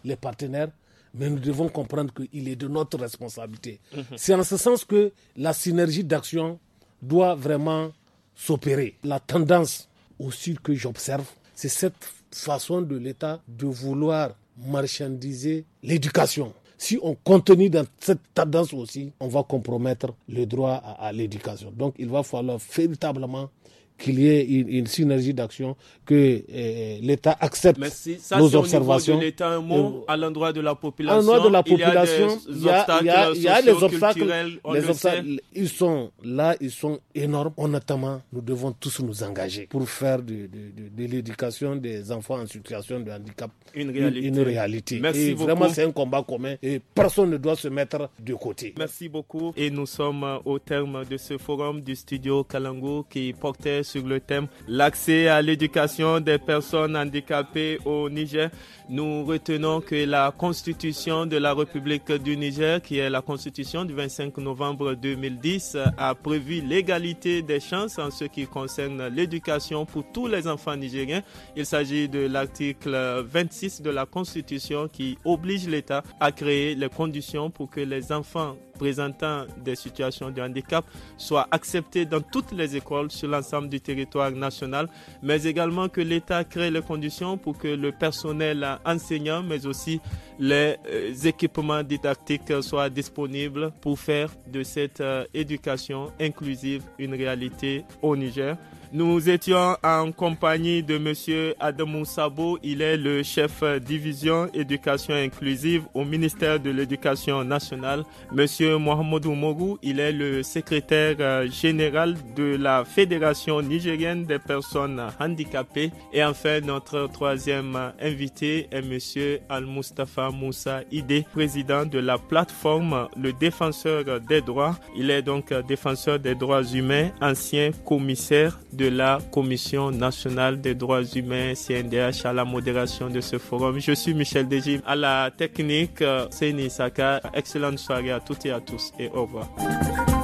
S3: les partenaires, mais nous devons comprendre qu'il est de notre responsabilité. Mhm. C'est en ce sens que la synergie d'action doit vraiment s'opérer. La tendance aussi que j'observe, c'est cette façon de l'État de vouloir marchandiser l'éducation si on continue dans cette tendance aussi, on va compromettre le droit à, l'éducation. Donc il va falloir véritablement qu'il y ait une, synergie d'action, que euh, l'État accepte nos observations. Au niveau un mot,
S1: euh, à l'endroit de la population, à l'endroit de la population, il y a, les obstacles. Les obstacles
S3: ils sont là, ils sont énormes. Honnêtement, nous devons tous nous engager pour faire de, l'éducation des enfants en situation de handicap une réalité. Une, réalité. Merci et Vraiment, c'est un combat commun et
S1: personne ne doit se mettre de côté. Merci beaucoup. Et nous sommes euh, au terme de ce forum du studio Kalango qui portait sur le thème l'accès à l'éducation des personnes handicapées au Niger. Nous retenons que la Constitution de la République du Niger, qui est la Constitution du 25 novembre 2010, a prévu l'égalité des chances en ce qui concerne l'éducation pour tous les enfants nigériens. Il s'agit de l'article 26 de la Constitution qui oblige l'État à créer les conditions pour que les enfants présentant des situations de handicap soient acceptés dans toutes les écoles sur l'ensemble du territoire national, mais également que l'État crée les conditions pour que le personnel enseignant, mais aussi les euh, équipements didactiques soient disponibles pour faire de cette euh, éducation inclusive une réalité au Niger. Nous étions en compagnie de Monsieur Adamou Sabo. Il est le chef division éducation inclusive au ministère de l'Éducation nationale. Monsieur Mohamedou Mogou, il est le secrétaire euh, général de la Fédération nigérienne des personnes handicapées. Et enfin, notre troisième invité est Monsieur Al-Mustafa Moussa Ide, président de la plateforme Le Défenseur des droits. Il est donc défenseur des droits humains, ancien commissaire de de la Commission nationale des droits humains, CNDH, à la modération de ce forum. Je suis Michel Dejim, à la technique, c'est euh, Saka. Excellente soirée à toutes et à tous et au revoir.